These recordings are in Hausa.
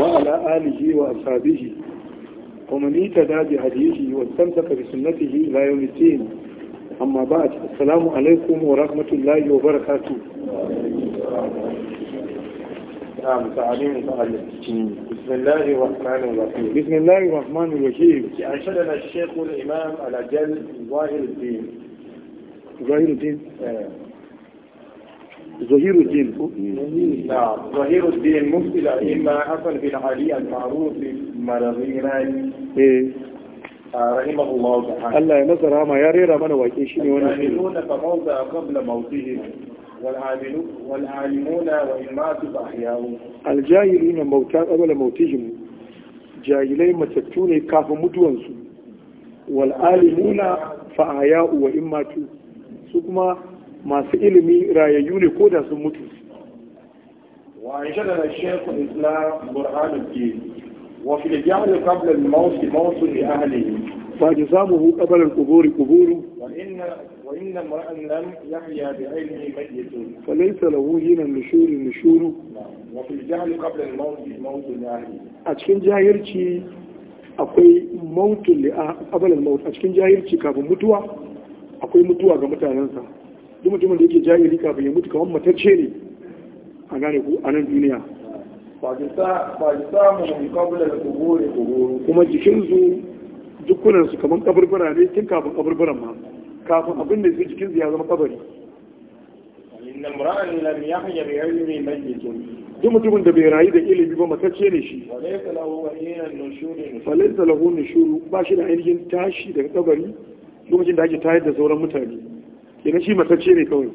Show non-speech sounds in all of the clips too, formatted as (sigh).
وعلى آله وأصحابه ومن اهتدى بهديه واستمسك بسنته لا يوم الدين أما بعد السلام عليكم ورحمة الله وبركاته نعم تعليم بسم الله الرحمن الرحيم بسم الله الرحمن الرحيم أنشدنا الشيخ الإمام على جل ظاهر الدين ظاهر الدين؟ آه. زهير الدين زهير الدين مفتي الأئمة حسن بن علي المعروف المرغيراني رحمه الله تعالى الله ينظر ما يا ريرا من واكي شنو وانا العاملون فموضع قبل موتهم والعالمون وإن ماتوا فأحياهم الجاهلون موتى قبل موتهم jahilai matattu ne kafin mutuwansu wal'alimuna fa'aya'u wa in matu su kuma masu ilimi rayayyu ne ko da sun mutu wa shadara shaykhul islam burhanuddin wa fi al-jahl qabla al-maut maut li ahlihi fa jazamuhu qabla al-qubur kuburi wa inna wa inna mar'an lam yahya bi ilmi mayyitun fa laysa lahu hina nushur nushuru wa fi al-jahl qabla al-maut maut li ahlihi a cikin jahirci akwai mautun li qabla al-maut a cikin jahirci kafin mutuwa akwai mutuwa ga mutanen sa. duk mutumin da yake jahili kafin ya mutu kamar matacce ne a gane ku a nan duniya kuma jikin jikinsu su kamar kaburbura ne tun kafin kaburburan ma kafin abin da su jikin su ya zama kabari duk mutumin da bai rayu da ilimi ba matacce ne shi falaisa lahu nushuru ba shi da ainihin tashi daga kabari lokacin da ake tayar da sauran mutane kenan shi matacce ne kawai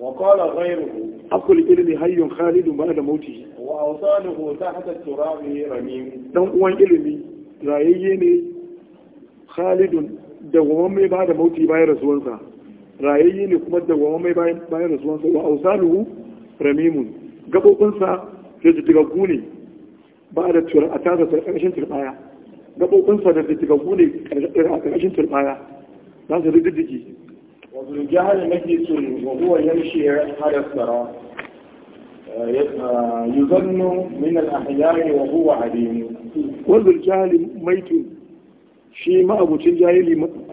Wakala qala ghayruhu aqul ilmi hayyun khalidun ba'da mauti wa awsanuhu tahta at-turab ramim dan uwan ilimi rayayye ne khalidun dawwaman mai bada mauti bayan rasuwansa rayayye ne kuma da dawwaman mai bayan rasuwansa wa awsanuhu ramimun gabobinsa da jijjigaggu ne ba da tura a tasa ƙarƙashin turbaya gabobinsa da jijjigaggu ne a ƙarƙashin turbaya za su rijijjigi وابن جهل مجلس وهو يمشي على a يظن من الأحياء وهو عليم وابن الجهل ميت shi ma'abucin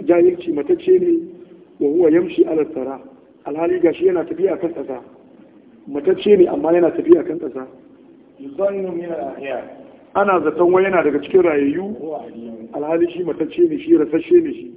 jahilci matacce ne wa yamshi ala tsara alhali gashi yana tafiya kan ƙasa matacce ne amma yana tafiya kan ƙasa ana zaton wai yana daga cikin rayayyu alhali shi matacce ne shi rasashe ne shi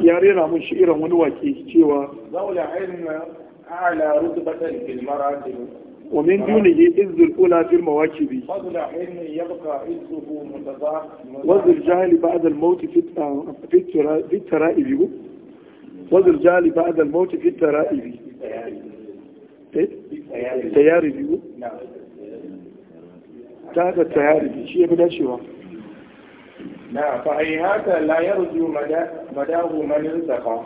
ya rera mun shi irin wani wake cewa zaula ilmin ala rutbatan fil maratib wa min dunihi izzul ula fil mawakibi fadla ilmin yabqa izzuhu mutazah wa zul jahli ba'da al maut fi ah, taraibi wa zul jahli ba'da al eh? fi ta dacewa na haka la yarju madahu man insafa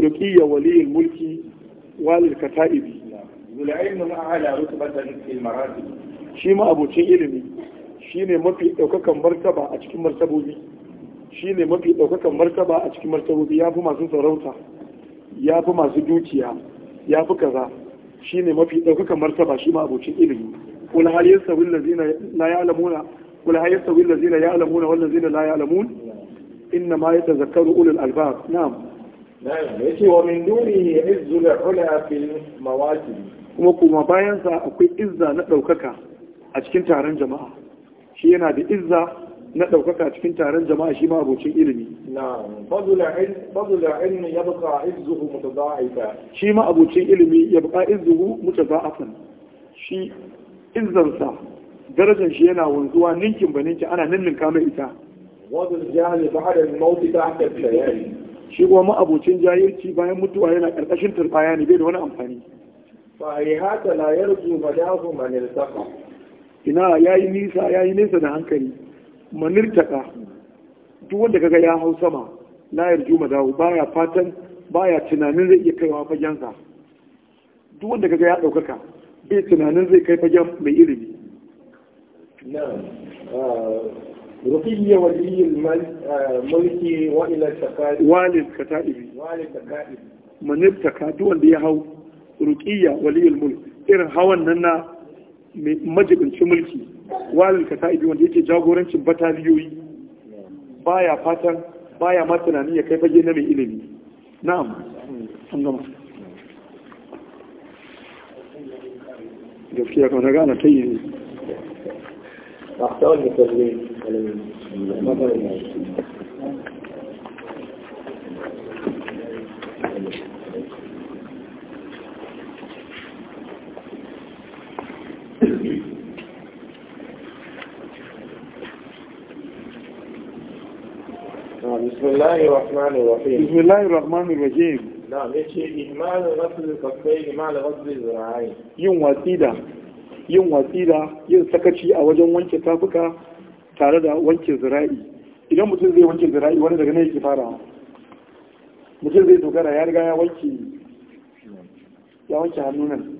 ruqiyya waliyul mulki walil kata'ibi zul ilmi ma'ala rutbatan fil maratib shi ma abocin ilimi shine mafi daukakan martaba a cikin martabobi shine mafi daukakan martaba a cikin martabobi yafi masu sarauta yafi masu dukiya yafi kaza shine mafi daukakan martaba shi ma abocin ilimi kul hal yasawi allazina la ya'lamuna kul hayya sawil ladina ya'lamuna wal ladina la ya'lamun inna ma yatazakkaru ulul albab na'am yace wa min dunihi izzul ula kuma kuma bayan sa akwai izza na ɗaukaka a cikin taron jama'a shi yana da izza na a cikin taron jama'a shi ma abocin ilimi shi ma abocin ilimi yabqa izzuhu mutadha'afan shi izzansa darajar shi yana wanzuwa ninkin ba ninkin ana ninninka mai ita wajen jihar ba hada mauti ta haka bayani shi kuma ma'abocin jahilci bayan mutuwa yana karkashin turbaya ne bai da wani amfani farihata la yarju madahu man iltaqa ina yayi nisa yayi nisa da hankali man iltaqa duk wanda kaga ya hau sama la yarju madahu baya fatan baya tunanin zai iya kaiwa fagen sa duk wanda kaga ya daukaka bai tunanin zai kai fagen mai ilimi نعم رقي ولي الملك والى التكائب والي كتائب والي كتائب من ابتكى دول دي رقية ولي الملك إر هوا ننا majibin ci mulki walil ka ta'ibi wanda yake jagorancin bataliyoyi baya fatan baya ma tunanin ya kai fage na mai ilimi na'am an gama gaskiya kan raga na ta yi أخطاء المكذبين بسم الله الرحمن الرحيم بسم الله الرحمن الرحيم نعم يا شيخ إهمال غسل الكفين مع غسل الذراعين يوم وسيدة yin watsi da yin sakaci a wajen wanke tafuka tare da wanke zira'i idan mutum zai wanke zira'i wani daga nan yake fara mutum zai dogara ya riga ya wanke ya wanke hannu nan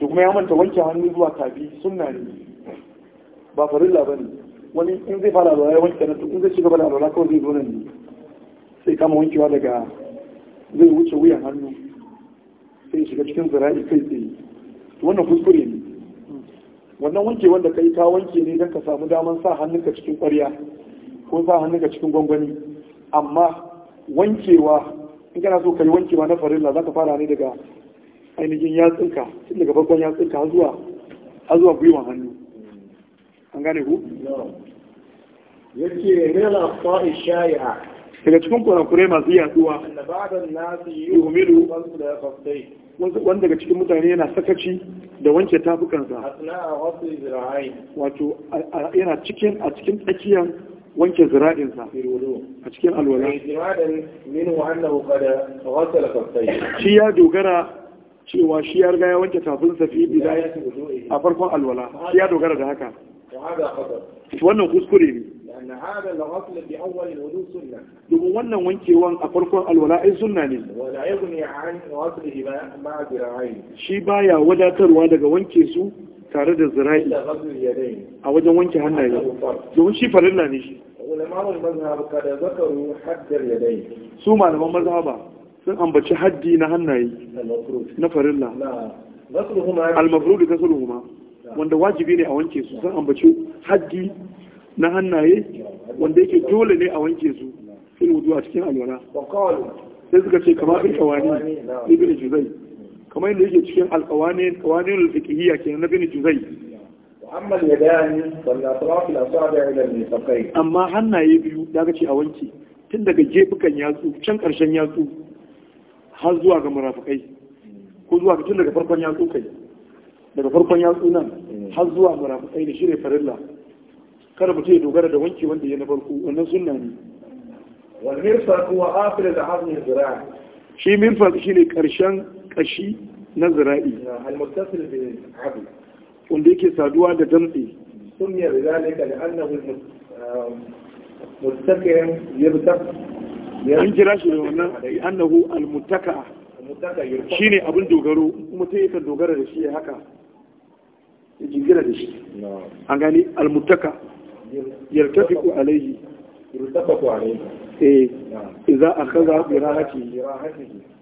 to kuma ya manta wanke hannu zuwa tafi sunna ne ba farilla ba ne wani in zai fara alwala ya wanke nan in zai ci gaba da alwala kawai zai zo nan ne sai kama wankewa daga zai wuce wuyan hannu sai shiga cikin zira'i kai tsaye wannan kuskure ne wannan wanke wanda kai ka wanke ne don ka samu daman sa hannunka cikin ƙwarya ko sa hannunka cikin gwangwani amma wankewa in kana so ka yi wankewa na farilla za ka fara ne daga ainihin yatsunka tun daga farkon yatsunka har zuwa har zuwa gwiwan hannu an gane ku yace ne la fa'i shay'a daga cikin kurakurai masu yaduwa wanda daga cikin mutane yana sakaci da wanke tafukansa wato yana cikin a cikin tsakiyar wanke zira'insa a cikin alwala shi ya dogara cewa shi ya riga ya wanke tafinsa fi bidaya a farkon alwala shi ya dogara da haka wannan kuskure ne لأن هذا الغسل بأول الوضوء سنة wannan wankewan a farkon alwala ai ne wala yughni an baya wadatarwa daga wanke su tare da zira'i a wajen wanke hannaye domin shi farilla ne su malaman mazhaba sun ambaci haddi na hannaye na farilla al-mafrud ma. wanda wajibi ne a wanke su sun ambaci haddi na hannaye wanda yake dole ne a wanke su fil wudu a cikin alwala sai suka ce kama bin kawani bin juzai kamar yadda yake cikin alkawani kawanin al-fiqhiyya ke na bin juzai amma amma hannaye biyu daga ce a wanke tun daga jefukan yatsu can karshen yatsu har zuwa ga murafikai ko zuwa tun daga farkon yatsu kai daga farkon yatsu nan har zuwa murafikai da shine farilla kada mutum ya dogara da wanke wanda ya na farko wannan sunna ne wal mirfa wa akhir da hazm zira'i shi mirsaq shine karshen kashi na zira'i al muttasil wanda yake saduwa da damtse sumiya bi zalika annahu uh, an kira shi da wannan annahu al mutaka shi ne abin dogaro mutum yakan dogara da shi haka ya jingira da shi an gani al mutaka يلتفق عليه يلتفق عليه eh idza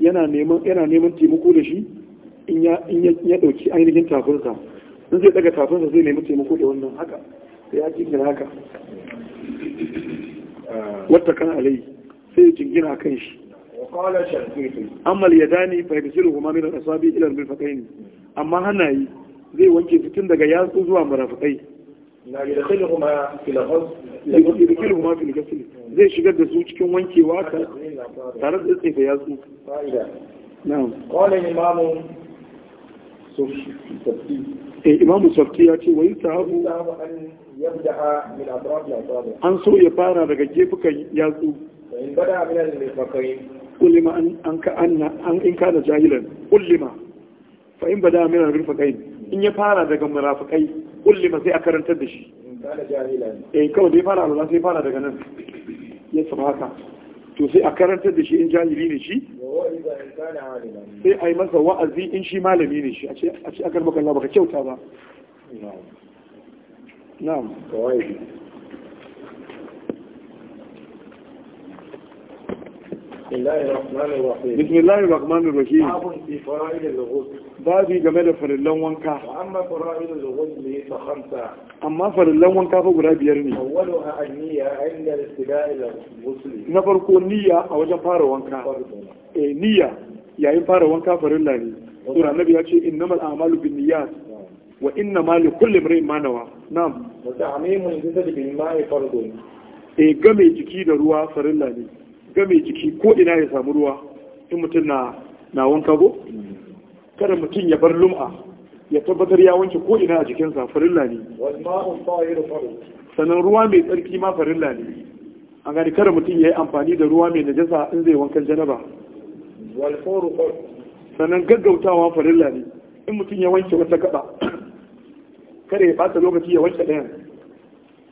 yana neman yana neman taimako da shi in ya in ya dauki ainihin tafunsa in zai daga tafunsa zai nemi taimako da wannan haka sai ya jingina haka wata kan alayhi sai ya jingina kan shi وقال شرقيطي أما اليدان فيبسلهما من الأصابع إلى المرفقين أما هنائي zai wanke fitin daga yatsu zuwa marafakai na zai shigar da su cikin wankewa ta tare da tsefe ya su sufti ya ce wa yusahabu an so ya fara daga gefukan yatsu in an ka jahilan ƙulima fa in bada min rufa rifaqain in ya fara daga munafikai kulli ma sai a karantar da shi eh kawai da ya fara Allah sai fara daga nan ya saba haka to sai a karantar da shi in jahili ne shi sai a yi masa wa'azi in shi malami ne shi a ce a karɓar kallon baka kyauta ba na'am bismillahir rahmanir rahim babi game da farillan wanka amma farillan wanka fa guda biyar ne na farko niyya a wajen fara wanka eh niyya yayin fara wanka farilla ne sura nabi ya ce innamal a'malu binniyat wa innama likulli imrin ma nawa na'am wa ta'mimu al-jasad bil ma'i fardun eh game jiki da ruwa farin ne ga mai jiki ko ina ya samu ruwa in mutum na wanka go kada mutum ya bar lum'a ya tabbatar ya wanke ko ina a jikinsa farilla ne sannan ruwa mai tsarki ma farilla ne a gani kada mutum ya yi amfani da ruwa mai najasa in zai wankan janaba sannan gaggautawa farilla ne in mutum ya wanke wata kaba? kada ya bata lokaci ya wanke ɗayan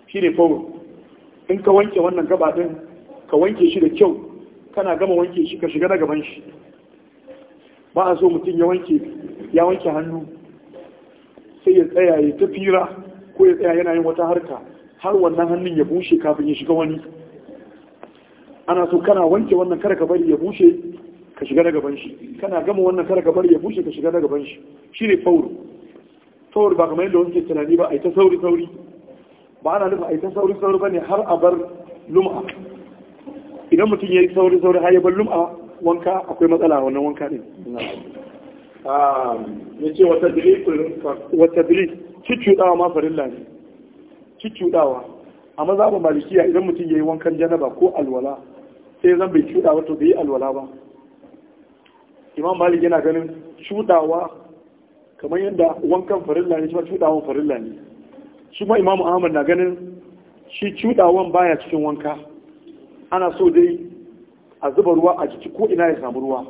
shi ne fawo in ka wanke wannan gaba din ka wanke shi da kyau kana gama wanke shi ka shiga na gaban shi ba a so mutum ya wanke ya wanke hannu sai ya tsaya ya ta fira ko ya tsaya yana yin wata harka har wannan hannun ya bushe kafin ya shiga wani ana so kana wanke wannan kar ka bari ya bushe ka shiga na gaban shi kana gama wannan kar ka bari ya bushe ka shiga na gaban shi ne fauru sauri ba kamar yadda wanke tunani ba a yi ta sauri sauri ba ana nufin a yi ta sauri sauri ba ne har a bar lum'a idan mutum ya yi sauri sauri har ya bar a wanka akwai matsala a wannan wanka din ya ce wata bili wata bili cicciɗawa ma farilla ne cicciɗawa a ba malikiya idan mutum ya yi wankan janaba ko alwala sai zan bai cuɗawa to bai yi alwala ba imam malik yana ganin cuɗawa kamar yadda wankan farilla ne shi ma cuɗawan farilla ne shi ma imam ahmad na ganin shi cuɗawan baya cikin wanka ana so dai a zuba ruwa a jiki ko ina ya samu ruwa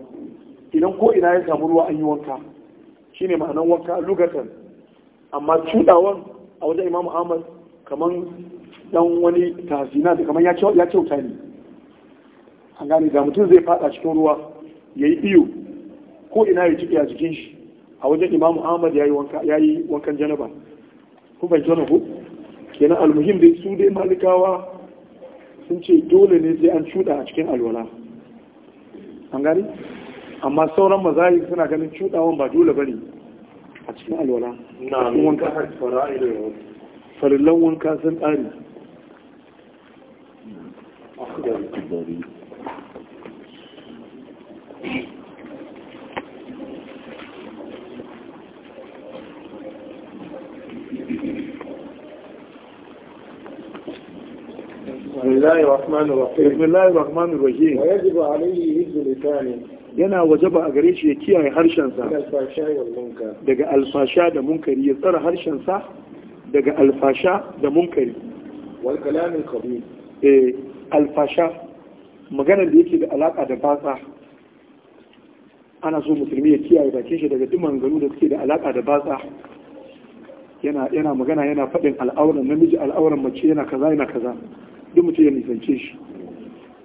idan ko ina ya samu ruwa an yi wanka shine ma'anan wanka lugatan amma cudawan a wajen imamu ahmad kaman dan wani tasina da kaman ya kyauta ne an gane ga mutum zai fada cikin ruwa ya yi iyo ko ina ya jiki a jikin shi a wajen imamu ahmad ya yi wankan janaba ko bai wannan ko kenan almuhim dai su dai malikawa sun ce dole ne sai an cuɗa a cikin alwala an gani amma sauran mazari suna ganin cuɗawan ba dole ba ne a cikin alwala farillan wanka sun ɗari a kudari بسم الله الرحمن الرحيم بسم الله الرحمن الرحيم ويجب عليه حفظ لسانه yana wajaba a gare shi ya kiyaye harshensa daga alfasha da munkari ya tsara harshensa daga alfasha da munkari eh alfasha magana da yake da alaka da batsa ana so musulmi ya kiyaye bakin shi daga duman garu da suke da alaka da batsa yana magana yana faɗin al'auran namiji al'auran mace yana kaza yana kaza duk mutum ya nisance shi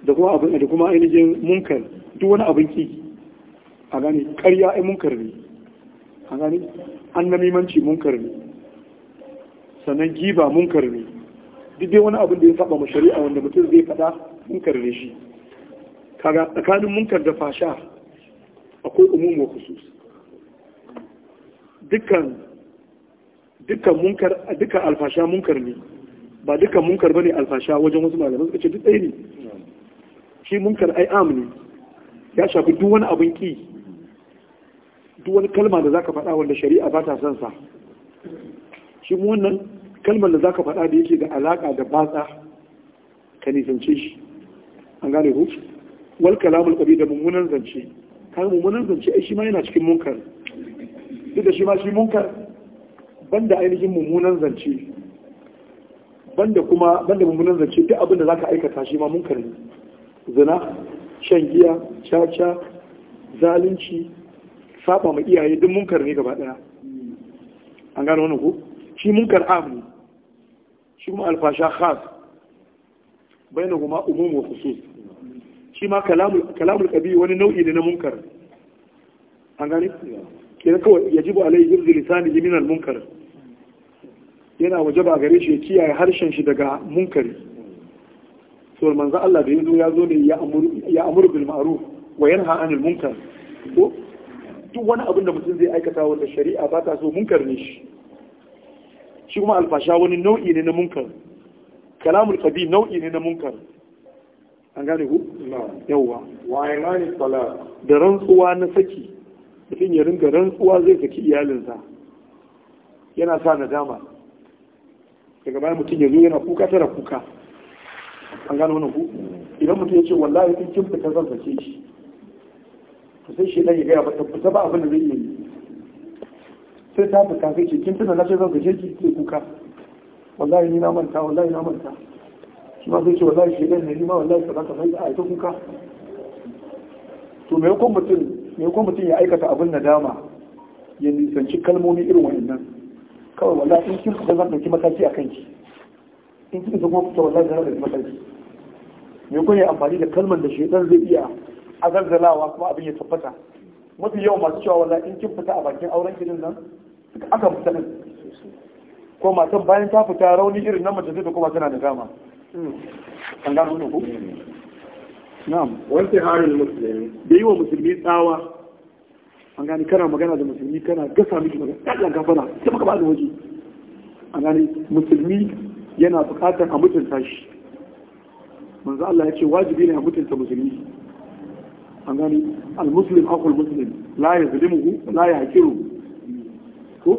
da kuma abin da kuma ainihin munkar duk wani abin ki a gane karya ai munkar ne a gane an mimanci munkar ne sannan giba munkar ne duk dai wani abin da ya saba shari'a wanda mutum zai faɗa munkar ne shi kaga tsakanin munkar da fasha akwai umumu khusus dukkan dukkan munkar dukkan alfasha munkar ne ba dukkan munkar bane alfasha wajen wasu malamai suka ce duk ɗaya ne shi munkar ai am ne ya shafi duk wani abin ki duk wani kalma da zaka faɗa wanda shari'a ba ta son sa shi mu wannan kalmar da zaka faɗa da yake da alaka da batsa ka zance shi an gane ku wal kalamul qabi da mummunan zance kaga mummunan zance ai shi ma yana cikin munkar duk da shi ma shi munkar banda ainihin mummunan zance banda kuma banda mummunan zance duk abin da zaka aikata shi ma munkari zina shan giya caca zalunci saba ma iyaye duk munkar ne gaba daya an gano wannan ko shi munkar am ne shi kuma alfasha khas kuma umum wa khusus shi ma kalamul kalamul qabi wani nau'i ne na munkar an gane kira kawai yajibu alayhi yuzil lisani min al munkar yana waje ba gare shi ya kiyaye harshen shi daga munkari so manzo Allah da yazo ya zo ne ya amuru ya amuru bil ma'ruf wa yanha anil munkar to duk wani abin da mutum zai aikata wanda shari'a ba ta so munkar ne shi shi kuma alfasha wani nau'i ne na munkar kalamul qadi nau'i ne na munkar an gane ku yawwa wa imani sala da rantsuwa na saki mutum ya ringa rantsuwa zai saki iyalinsa yana sa nadama daga bayan mutum ya zo yana kuka tara kuka an gano wani ku idan mutum ya ce wallahi in kin fita zan zace shi to sai shi dan ya gaya ba tabbata ba abin da zai yi sai ta fita sai ce kin tuna na ce zan sake ki ke kuka wallahi ni na manta wallahi na manta shi ma sai ce wallahi shi dan ne ni ma wallahi ka zaka sai a ita kuka to me yakon mutum me mutum ya aikata abin nadama ya nisanci kalmomi irin wa'annan kawai wallahi in kin fita zan ɗauki mataki a kanki in kin fita kuma fita wallahi zan ɗauki mataki me kun yi amfani da kalmar da shaitan zai iya azalzalawa kuma abin ya tabbata mafi yawan masu cewa wallahi in kin fita a bakin auren ginin nan suka aka fita nan ko matan bayan ta fita rauni irin nan mace zai ta kuma tana da dama an gano ne ku na'am wani harin musulmi da yi wa musulmi tsawa an gani kana magana da musulmi kana gasa miki magana Allah gafara sai maka bani waje an gani musulmi yana bukatar a mutunta shi manzo Allah ya ce wajibi ne a mutunta musulmi an gani al-muslim akhul muslim la yazlimuhu la yahkiru ko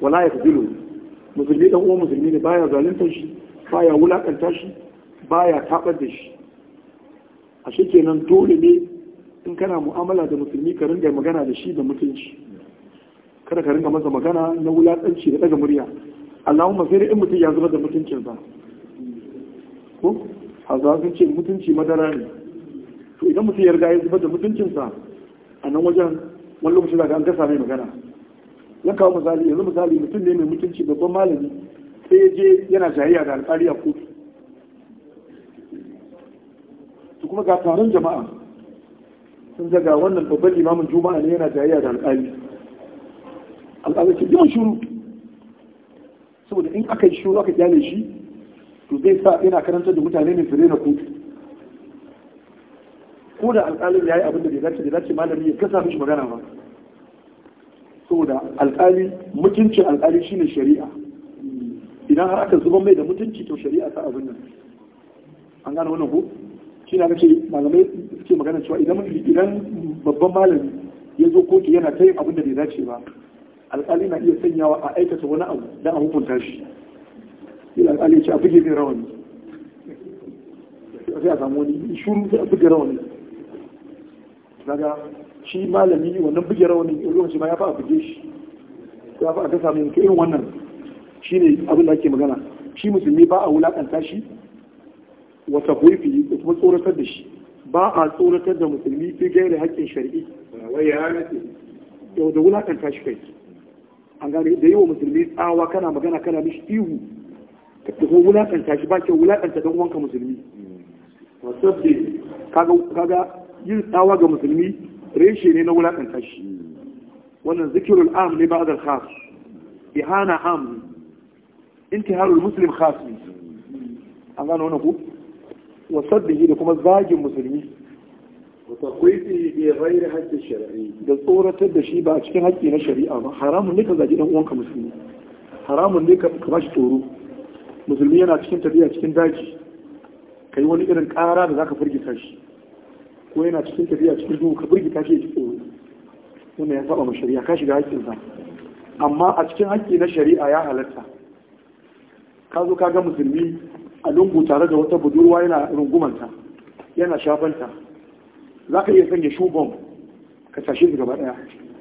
wala yakdilu musulmi dan uwan musulmi ne baya zalunta shi baya wulakanta shi baya tabar da shi a shi kenan dole ne in kana mu'amala da musulmi ka ringa magana da shi da mutunci kada ka ringa masa magana na wulatsanci da daga murya allahumma sai dai in mutum ya zuba da mutuncin sa ko hazawa sun ce mutunci madara ne to idan mutum ya riga ya zuba da mutuncin sa a nan wajen wani lokaci daga an gasa mai magana na kawo misali yanzu misali mutum ne mai mutunci babban malami sai ya je yana jayayya da alƙari a kotu to kuma ga taron jama'a sun ga wannan babban limamin juma'a ne yana jayayya da alƙali alƙali ce yi shuru saboda in aka yi shuru aka kyale shi to zai sa yana karantar da mutane ne su rena kotu ko da alƙalin ya yi abin da bai dace da dace malami ya kasa mishi magana ba saboda alƙali mutuncin alƙali shine shari'a idan har aka zuba mai da mutunci to shari'a ta abin nan an gane wannan ko shi na ce malamai suke magana cewa idan idan babban malami ya zo kotu yana ta yin abin da bai dace ba alƙali na iya sanyawa a aikata wani abu don a hukunta shi sai alƙali ce a buge mai rawani sai a samu wani shuru sai a buge rawani daga shi malami wannan buge rawani a lokaci ma ya fa a buge shi ya fa a ta samu irin wannan shine abin da ake magana shi musulmi ba a wulakanta shi wata tafwifi ko kuma tsoratar da shi ba a tsoratar da musulmi fi gaira haƙƙin shari'i wai ya yau da wulakanta shi kai an gane da yawa musulmi tsawa kana magana kana mishi ihu da kuma wulakanta shi ba ke wulakanta dan wanka musulmi wasabbi kaga kaga yin tsawa ga musulmi reshe ne na wulakanta shi wannan zikirul am ne ba da khas ihana am intiharul muslim khas an gane wannan ku wa saddihi da kuma zagin musulmi wa taqwiti bi ghairi haqqi shar'i da tsoratar da shi ba a cikin haƙƙi na shari'a ba haramun ne ka zagi dan uwanka musulmi haramun ne ka bashi tsoro musulmi yana cikin tafiya cikin daji ka yi wani irin ƙara da za ka firgita shi ko yana cikin tafiya cikin duhu ka firgita shi ya ci tsoro wanda ya saba ma shari'a ka shiga haƙƙinsa amma a cikin haƙƙi na shari'a ya halarta. ka zo ka ga musulmi a lungu tare da wata budurwa yana rungumanta yana shafanta za ka iya sanya shubon ka tashi su gaba daya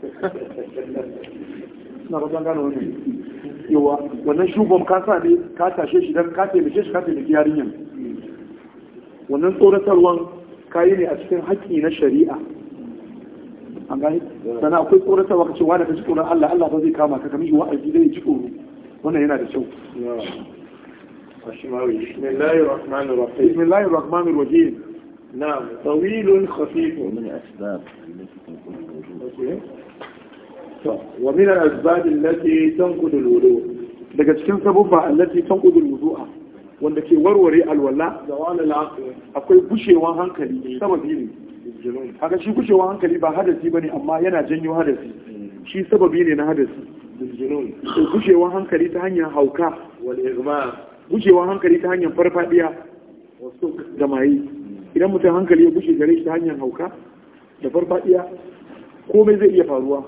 (laughs) na rabon gano wani yawa wannan shubon ka sa ne ka tashe shi don ka taimake shi ka taimake yarinyar wannan tsoratarwan kayi ne a cikin haƙƙi na shari'a an gani sana akwai tsoratarwa ka ce wani ka ji tsoron Allah Allah ba zai kama ka kamar yi wa'azi zai ji tsoro wannan yana da kyau بسم الله الرحمن الرحيم بسم الله الرحمن الرحيم نعم طويل خفيف ومن الأسباب التي تنقل الوجود ومن الأسباب التي تنقل الوضوء daga cikin sabubba allati tanqudu alwudu'a wanda ke warware alwala akwai gushewan hankali sababi ne haka shi gushewan hankali ba hadasi bane amma yana janyo hadasi shi sababi ne na hadasi gushewan hankali ta hanyar hauka wal Gushewa hankali ta hanyar farfadiya wasu da maye idan mutum hankali ya gushe gare shi ta hanyar hauka da farfadiya komai zai iya faruwa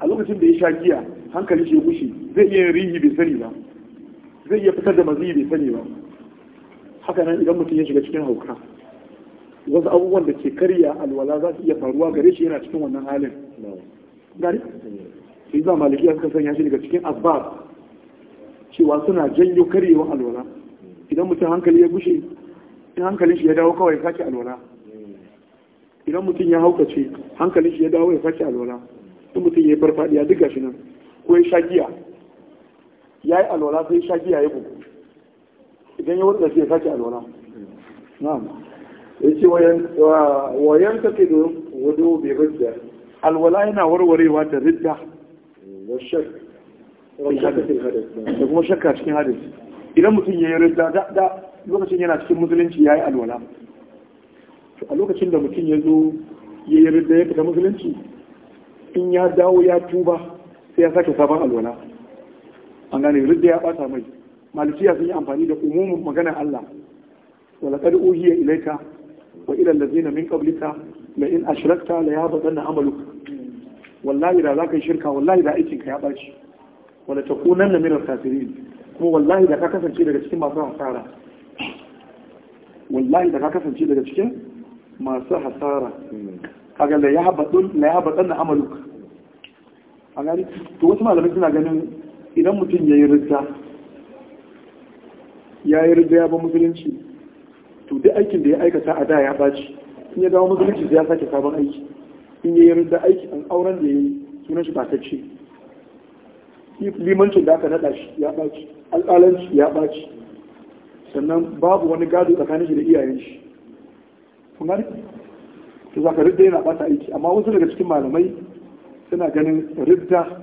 a lokacin da ya sha giya hankali shi ya gushe zai iya rihi bai sani ba zai iya fitar da mazi bai sani ba haka nan idan mutum ya shiga cikin hauka wasu abubuwan da ke karya alwala za su iya faruwa gare shi yana cikin wannan halin gari sai za ya suka sanya shi daga cikin asbab cewa suna janyo karyewar alwala idan mutum hankali ya gushe in hankalin shi ya dawo kawai ya sake alwala idan mutum ya haukace hankalin shi ya dawo ya sake alwala in mutum ya yi farfadiya duk gashi nan ko ya sha giya ya yi alwala sai sha giya ya bugu idan ya shi ya sake alwala na'am ya ce wayan take da wudu bai ridda alwala yana warwarewa da ridda da kuma shakka cikin hadis idan mutum ya yi rida da lokacin yana cikin musulunci ya yi alwala a lokacin da mutum ya zo ya yi rida ya fita musulunci in ya dawo ya tuba sai ya sake sabon alwala an gane rida ya bata mai malikiya sun yi amfani da umumin maganar Allah wala uhi ya ilaika wa ila zina min qablika la in ashrakta la yahbatanna amaluk wallahi da zaka yi shirka wallahi da aikinka ya baci wala kunan na mirar khasirin kuma wallahi da ka kasance daga cikin masu hasara wallahi da ka kasance daga cikin masu hasara kaga na ya la na amaluk a gani to wasu malamai suna ganin idan mutum ya yi ridda ya yi ridda ya ba musulunci to duk aikin da ya aikata a da ya ɓaci, in ya dawo musulunci sai ya sake sabon aiki in ya yi ridda aiki an auren da ya yi sunan shi ba ta ce limancin da aka naɗa shi ya ɓaci alƙalanci ya ɓaci sannan babu wani gado tsakanin shi da iyayen shi kun gani to za ka ridda yana ɓata aiki amma wasu daga cikin malamai suna ganin ridda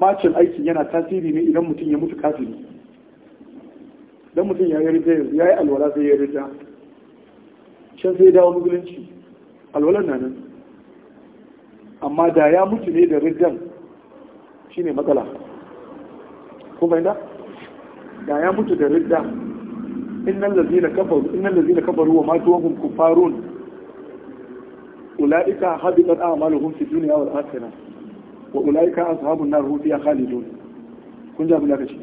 ɓacin aiki yana tasiri ne idan mutum ya mutu kafiri Idan mutum ya yi ridda yanzu ya yi alwala sai ya yi ridda can sai ya dawo musulunci alwalan na nan amma da ya mutu ne da riddan shine matsala kuma inda da ya mutu da ridda innal lalzina kafar innal ladzina kafaru wa matu wa hum kuffarun ulaika habitat a'maluhum fi Wa wal akhirah wa ulaika na rufi a hali dole kun ja bulaka shi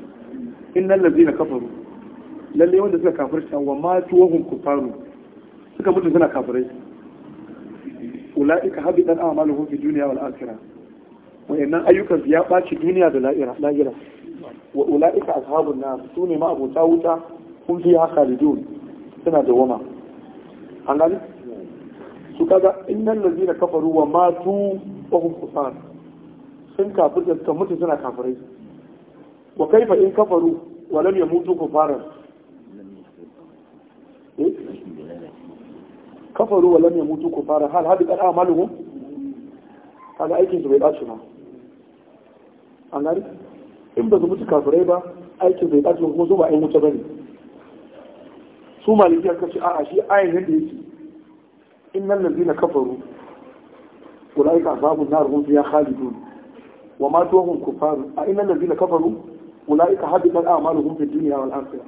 innal ladzina kafaru lalle wanda suka shi wa matu wa hum kuffarun suka mutu suna kafirai ulaika ɗan a'maluhum fi duniya wa akhirah wayannan ayyukan ya ɓaci duniya da la'ira wa ula'ika ashabun na su ne ma'abota wuta kun fi haka da dun suna da wama an gani su kaga innal ladina kafaru wa matu hum kusan sun kafir da suka mutu suna kafirai wa kaifa in kafaru wa lam yamutu kufaran eh? kafaru wa lam yamutu kufaran hal hadi qad amaluhum kaga aikin su bai ɓaci ba an gari in ba su mutu kafirai ba aikin zai tashi kuma zo ba a yi mutu ba ne su maliki ya kashi a'a shi ayin yadda yake in nan nan zina kafaru ulai ka babu na ruhun fiya khalidu wa ma tuwahun kufaru a in nan nan zina kafaru ulai ka haɗu ɗan a'amal ruhun fiya duniya wal afiya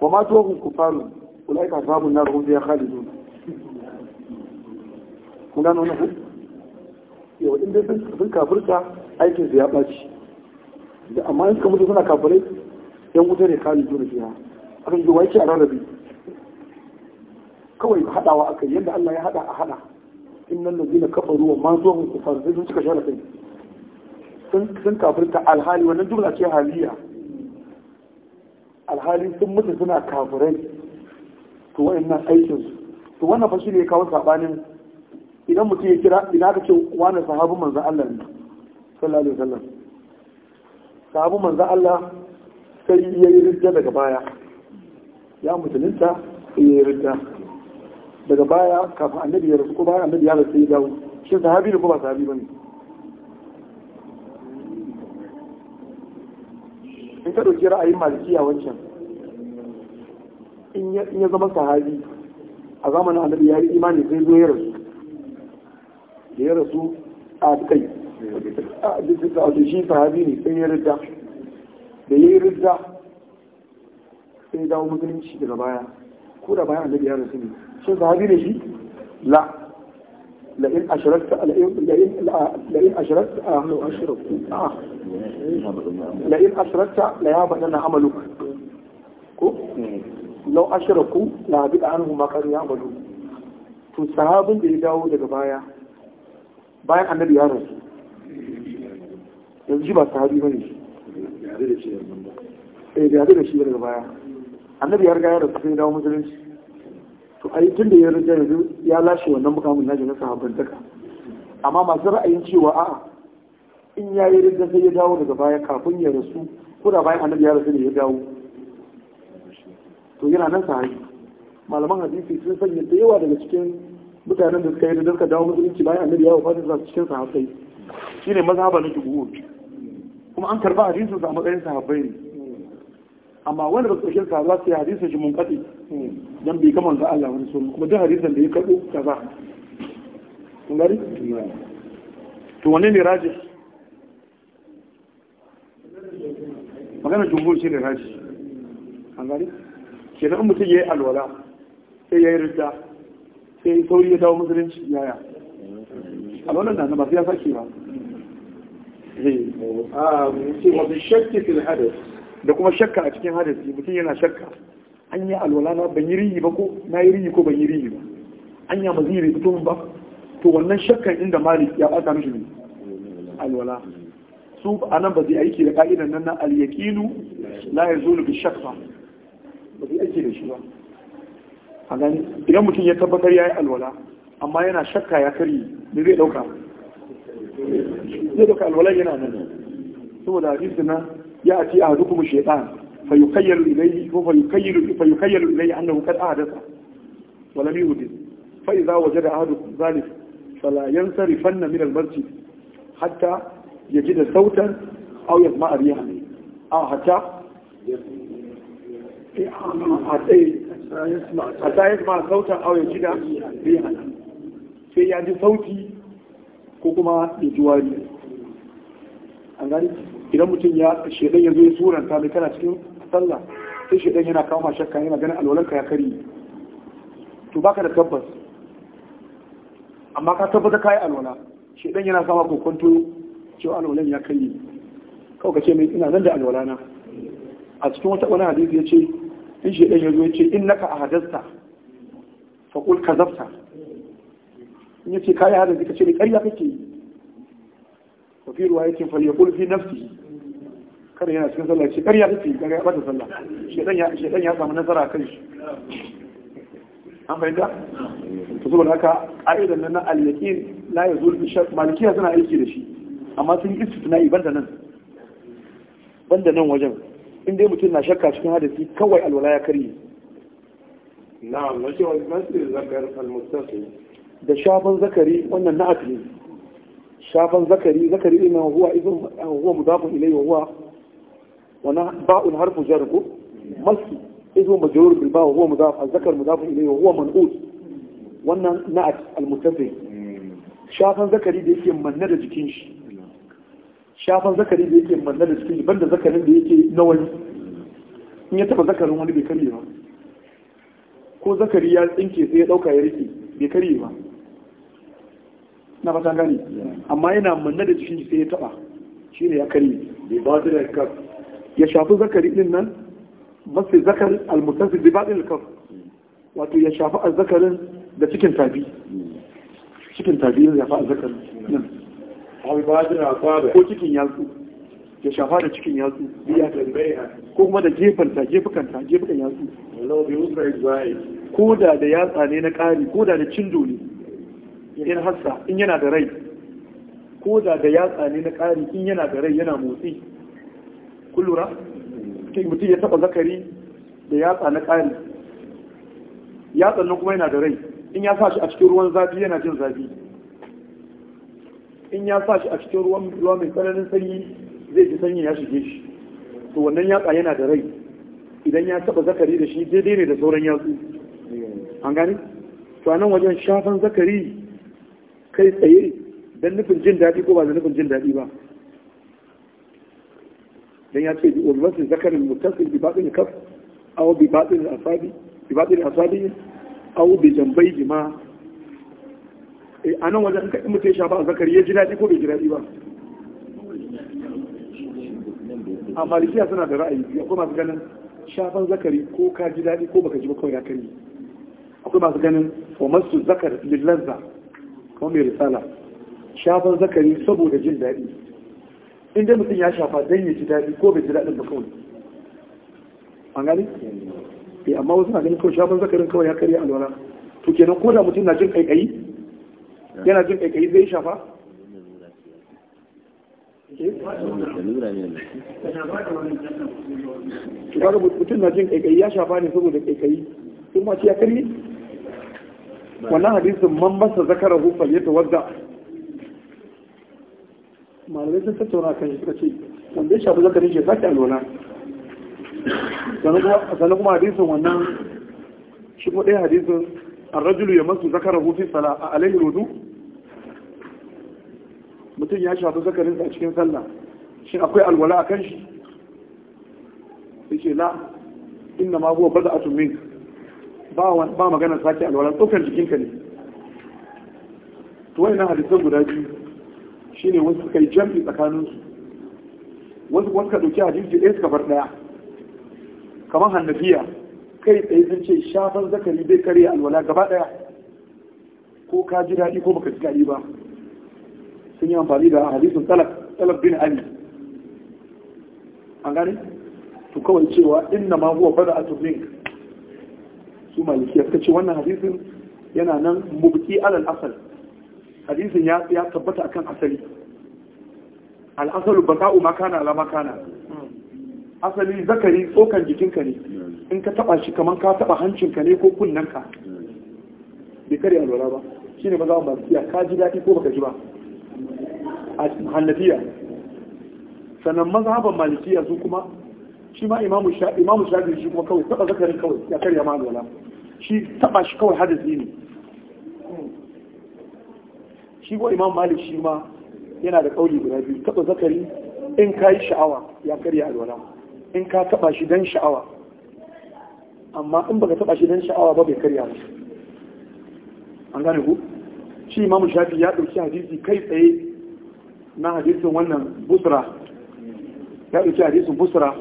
wa ma tuwahun kufaru ulai ka babu na ruhun fiya khalidu kun gano nuna hu? yau in dai sun kafirta aikin su ya ɓaci da amma in suka mutu suna kafirai yan wuta ne jura jiya a kan yi wai ce a rarrabe kawai haɗawa aka yadda Allah ya haɗa a haɗa innan lazina kafaru wa man zuwa kufar sai sun cika sharafin sun kafirta alhali wannan jumla ce haliya alhali sun mutu suna kafirai to nan aikin su to wannan fashi shi ne kawo sabanin idan mutum ya kira idan aka ce wani sahabu manzan Allah ne sallallahu alaihi wasallam sahabu manzo Allah sai ya yi rijja daga baya ya musulunta sai ya yi rijja daga baya kafin annabi ya rasu ko bayan annabi ya rasu ya dawo shi sahabi ne ko ba sahabi ne in ka ɗauki ra'ayin malikiya wancan in ya zama sahabi a zamanin annabi ya yi imani sai zo ya rasu da ya rasu a kai a da shi sahabi ne sai ya ridda da ya yi sai ya dawo musulunci daga baya ko da bayan annabi ya rasu ne shin sahabi ne shi la لئن أشركت لئن لئن La'in أشركت لو أشركت آه لئن أشركت ليهبطن عملك كو لو bi da hannu ما كانوا يعملون to sahabin da ya dawo daga baya bayan annabi ya rasu yanzu shi ba sahabi bane eh bai hadu da shi daga baya annabi ya riga ya rasu sai dawo musulunci to ai tun da ya riga yanzu ya lashe wannan mukamin nashi na daga amma masu ra'ayin cewa a'a in ya yi riga sai ya dawo daga baya kafin ya rasu ko da bayan annabi ya rasu ne ya dawo to yana nan sahabi malaman hadisi sun sanya da yawa daga cikin mutanen da suka yi da suka dawo musulunci bayan annabi ya su cikin sahabbai shine mazhaba na jumhur kuma an karba hadisin sa a matsayin sahabbai ne amma wanda ba su sa za su yi hadisin shi mun kaɗe don bai kama ga Allah wani sun kuma duk hadisin da ya kaɗo kaza kun gari to wanne ne raji magana jumhur shi ne raji an gari ke in mutum ya yi alwala sai ya yi rita sai sauri ya dawo musulunci yaya alwalan da na ba su ya sake ba Ah, da kuma shakka a cikin hadisi mutum yana shakka an yi alwala na ban yi riyi ba ko na yi riyi ko ban yi riyi ba an yi ba zai riyi fito ba to wannan shakkan inda malik ya bata mishi ne alwala su a nan ba zai aiki da ka'idan nan na alyakinu yaqinu la yazulu bi shakka ba zai aiki da shi ba a gani idan mutum ya tabbatar ya yi alwala amma yana shakka ya karye ne zai dauka zai doka alwalai yana nan saboda hadisin nan ya ati a duk hukum shaytan fa yukayyalu ilayhi ko fa yukayyalu fa yukayyalu ilayhi annahu qad ahdatha wa lam yuhdith fa idha wajada ahadukum zalik fala yansarifanna min al-masjid hatta yajida sautan aw yasma'a rihan a eh, hatta hatta yasma'a sautan aw yajida rihan sai ya ji sauti ko kuma ya ji wari an gani idan mutum ya shaidan ya zo ya suranta mai kana cikin sallah sai shaidan yana kama shakka yana ganin alwalanka ya kari to baka da tabbas amma ka tabbata kayi alwala shaidan yana sama kokonto cewa alwalan ya kari kawai ka ce mai ina nan da alwala na a cikin wata wani hadisi ya ce in shaidan ya zo ya ce in naka a hadasta fa kul kazabta in yace kai hada zika ce ƙarya kake yi wa fi ruwa yace fal yaqul fi nafsi kada yana cikin sallah ce ƙarya kake yi kaga ya bata sallah shedan ya shedan ya samu nasara kan shi an fahimta to saboda haka ka'idan nan na al-yaqin la yazul bi shart malikiya suna aiki da shi amma sun yi istitna'i banda nan banda nan wajen in dai mutum na shakka cikin hadisi kawai alwala ya karye na wajen wajen zakar al-mustafi da shafan zakari wannan na ne shafan zakari zakari ina huwa izin huwa mudafun ilayhi huwa wana ba'un harfu jar ko masu izin majrur bil ba huwa mudaf zakar mudafun ilayhi huwa man'ut wannan na'at al-mutafi shafan zakari da yake manna da jikin shi shafan zakari da yake manna da jikin shi banda zakarin da yake na wani in ya taba zakarin wani bai karye ba ko zakari ya tsinke sai ya dauka ya rike bai karye ba na fatan gani amma yana manna da jikin sai ya taba shi ne ya karye bai ba da kaf ya shafi zakari din nan ba sai zakar almutansu bai ba da kaf wato ya shafi azzakarin da cikin tabi cikin tabi ya shafi azzakarin nan ko cikin yatsu ya shafa da cikin yatsu biya ko kuma da jefukan ta jefukan yatsu ko da da yatsa ne na ƙari ko da da cindo ne in hassa in yana da rai ko da da yatsa ne na ƙari in yana da rai yana motsi kullura lura mutum ya taɓa zakari da yatsa na ƙari yatsan nan kuma yana da rai in ya sa shi a cikin ruwan zafi yana jin zafi in ya sa shi a cikin ruwan ruwa mai tsananin sanyi zai ji sanyi ya shige shi to wannan yatsa yana da rai idan ya taɓa zakari da shi daidai ne da sauran yatsu an gani to a nan wajen shafan zakari kai tsaye don nufin jin daɗi ko ba da nufin jin daɗi ba dan ya ce bi urmasin zakarin mutasil bi baɗin kaf aw bi baɗin asabi bi baɗin asabi aw bi jambai jima eh, a nan wajen ka mutum ya shafa zakari ya ji daɗi ko bai ji daɗi ba a malikiya suna da ra'ayi biyu akwai masu ganin shafan zakari ko ka ji daɗi ko baka ji ba kawai ya kari akwai masu ganin wa masu zakar lillazza ko mai risala shafan zakari saboda jin daɗi inda mutum ya shafa don ya ji daɗi ko bai ji daɗin ba kawai an gani? eh amma wasu na ganin kawai shafan zakarin kawai ya karya alwala to kenan ko da mutum na jin ƙaiƙayi yana jin ƙaiƙayi zai shafa eh? kaga mutum na jin ƙaiƙayi ya shafa ne saboda ƙaiƙayi sun ce ya karye wannan hadisin man masa zakara hufa ya tawadda malamai sun tattauna kan shi suka ce wanda ya shafi zakarin shi sake lona. sannan kuma hadisin wannan shi kuma ɗaya hadisin arrajulu ya masu zakara hufi sala a Alayhi rudu mutum ya shafi zakarin sa cikin sallah shi akwai alwala a kan shi sai ce la inna ma huwa bada'atun minka ba magana sake alwala tsokar jikinka ne to na hadisan guda biyu shine wasu suka yi jam'i tsakanin su wasu kuma suka dauki hadisi ɗaya suka bar ɗaya kamar hannafiya kai tsaye sun ce shafan zakari bai karya alwala gaba ɗaya ko ka ji daɗi ko baka ji daɗi ba sun yi amfani da hadisin talab bin ali an gane to kawai cewa inna ma huwa bada'atu minka su malikiya suka ce wannan hadisin yana nan mubki alal asal hadisin ya ya tabbata akan asali al asalu baka'u ma kana ala ma kana asali zakari tsokan jikinka ne in ka taba shi kaman ka taba hancinka ne ko kunnanka bai kare alwala ba shine ba za mu malikiya ka ji daɗi ko baka ji ba a hannafiya sannan mazhaban malikiya su kuma shi ma imamu shafi shi kuma kawai taba zakarin kawai ya karya ma alwala shi taba shi kawai hadasi ne shi ko imam malik shi ma yana da kauli guda biyu taba zakari in ka yi sha'awa ya karya alwala in ka taba shi dan sha'awa amma in baka taba shi dan sha'awa ba bai karya ba an gane ku shi imam shafi ya dauki hadisi kai tsaye na hadisin wannan busra ya dauki hadisin busra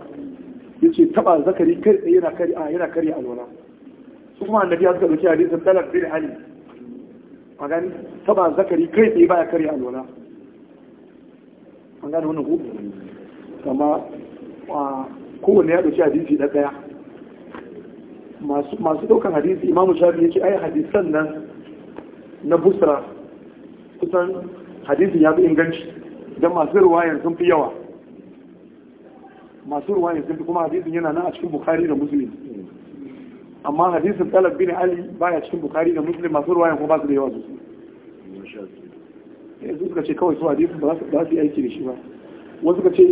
yace taba zakari kai tsaye yana karya alwala kuma annabi ya suka dauki hadisin talab bin ali magani saba zakari kai tsaye baya kare alwala an gane wannan ku kama kowanne ya dauki hadisi da daya masu daukan hadisi imamu shafi yake ai hadisan nan na busra kusan hadisi ya fi inganci don masu ruwayan sun fi yawa masu ruwayan sun fi kuma hadisin yana nan a cikin bukari da musulmi amma hadisin talab bin ali baya cikin bukari da muslim masu ruwayan ko ba su da yawa sosai eh, su suka ce kawai su hadisin ba su yi aiki da shi ba wasu suka ce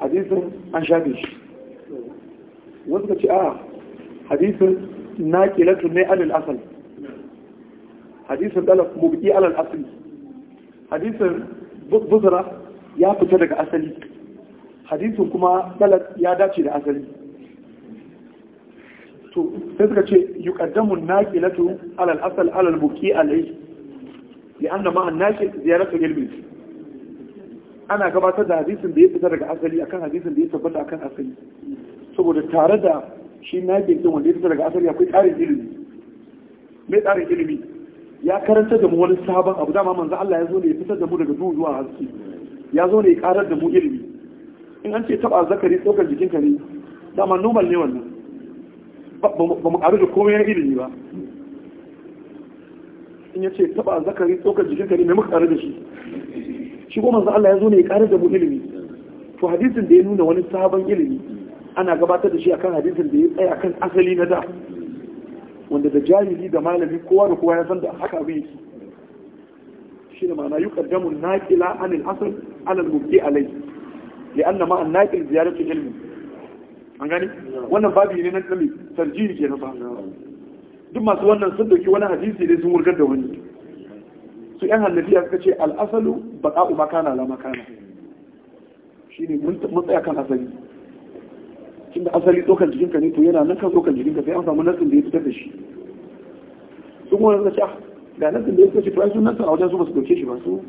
hadisin an shafe shi wasu suka ce a hadisin na kilatu ne alal asal hadisin talab mubki alal asali hadisin buzura ya fita daga asali hadisin kuma talab ya dace da asali sai suka ce yuqaddamu an-naqilatu ala alal asl ala al-buqi alayhi li'anna ma'a an-naqil ziyaratu ilmi ana gabatar da hadisin da ya fita daga asali akan hadisin da ya tabbata akan asali saboda tare da shi naƙi ɗin wanda ya fita daga asali akwai tsarin ilimi mai ƙarin ilimi ya karanta da mu wani sabon abu dama manzo Allah ya zo ne ya fitar da mu daga duhu zuwa haske ya zo ne ya karar da mu ilimi in an ce taɓa zakari tsokar jikinka ne dama normal ne wannan ba mu ƙaru da komai na ilimi ba in ya ce taba zakari tsokar jikinka ne mai muka da shi shi kuma manzo Allah ya zo ne ya da mu ilimi to hadisin da ya nuna wani sabon ilimi ana gabatar da shi akan hadisin da ya tsaya akan asali na da wanda da jahili da malami kowa da kowa ya san da haka abin yake shi da ma'ana yuqaddamu naqila anil asl ala al-mubdi li'anna ma'a naqil ziyaratu ilimi. an gani wannan babi ne na kalli tarjiri ke na ba duk masu wannan sun dauki wani hadisi ne sun wurgar da wani su yan hannafiya suka ce al'asalu baqa'u makana la makana shine mun tsaya kan asali da asali tsokan jikinka ne to yana nan kan tsokan jikinka sai an samu nasin da ya fitar da shi sun wani zace ah, ga nasin da ya fitar da shi to ai sun nasin a wajen su ba su dauke shi ba su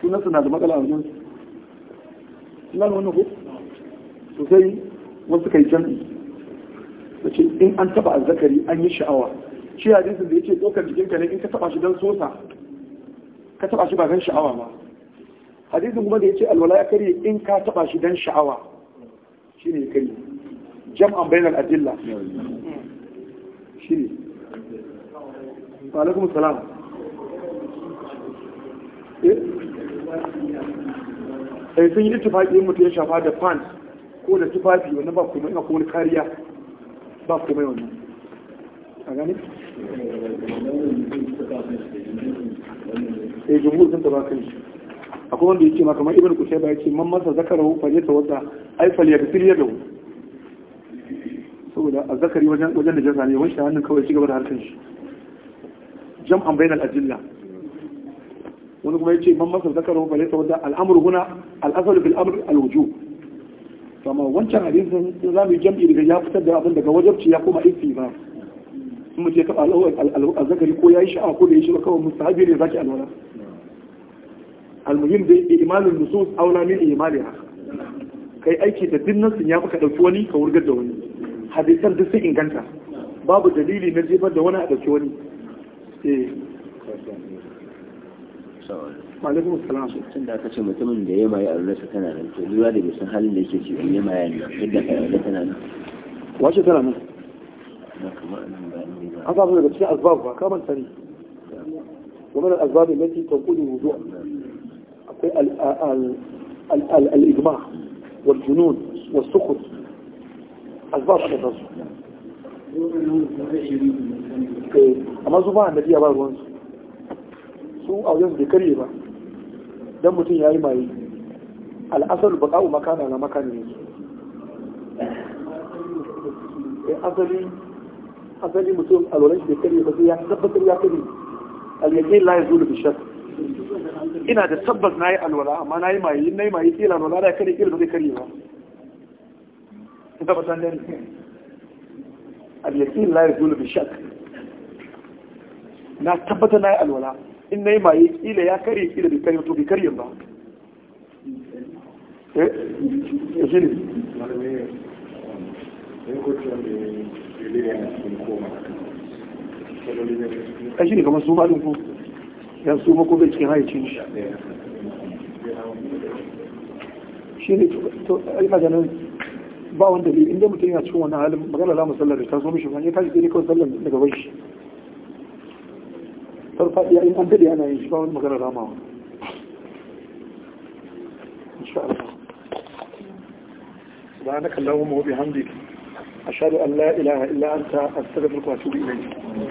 sun nasin na da matsala a wajen su ina wannan ko sosai wasu kai jam'i da ce in an taba azzakari an yi sha'awa shi hadisin da ya ce tsokar jikinka ne in ka taba shi don sosa ka taba shi ba don sha'awa ba hadisin kuma da ya ce alwala ya kare in ka taba shi don sha'awa shi ne kare jam'an bainal adilla shi ne wa alaikum salam eh, eh sun yi ittifaqi mutum ya shafa da pants ko da tufafi wannan ba komai ina kuma kariya ba komai wannan a gani eh jumhur sun taba kan shi akwai wanda yake ma kamar ibn kushayba yake man masa zakarahu fa yata wata ai fal yaghfir yadahu saboda a zakari wajen wajen da jaza ne wani hannun kawai ci gaba da harkar shi jam'an bainal adilla wani kuma yace man masa zakarahu fa yata wata al'amru huna al'asalu bil amr al kama wancan hadisin sun zamu jam'i daga ya fitar da abin daga wajabci ya koma aiki ba in mutum ya taɓa al'azakari ko ya yi sha'awa ko da ya shiga kawai mustahabi ne zaki alwala almuhim dai imanin nusus aula min imaliha kai aiki da dinnan sun ya fi ka ɗauki wani ka wurgar da wani hadisan duk sun inganta babu dalili na jefar da wani a ɗauki wani eh malaikun salam su tun da aka ce mutumin da ya maye a rasa tana nan to lura da bisan halin da yake ciki ya maye ne yadda ka yarda tana nan wace tana nan an samu daga cikin asbab ba kamar tare ومن الأسباب التي تنقل الوضوء الإجماع والجنون والسخط أسباب على الرسول amma su ba a nadi a ba ruwansu su a wajen da kare ba don mutum ya yi maye al'asar baƙa'u makana na makana ne asali asali mutum a lura shi da kare ba sai ya tabbatar ya kare al-yaqin la yazulu bi shakk ina da tabbas na yi alwala amma na yi maye na yi maye kila alwala da kare kila ba zai kare ba ita ba san dare al-yaqin la yazulu bi shakk na tabbatar na yi alwala in na yi maye kila ya kare kila bai karye to bai karye ba eh shi ne a shi ne kamar su maɗin ku ya su mako bai cikin haici shi shi ne to ina ganin ba wanda bai inda mutum yana cikin wani halin magana la sallar da ta zo mishi ba ya tashi ne kawai sallar daga bai shi ترفع يعني أنبلي أنا إن شاء الله المغرب الأمام إن شاء الله سبحانك اللهم وبحمدك أشهد أن لا إله إلا أنت أستغفرك وأتوب إليك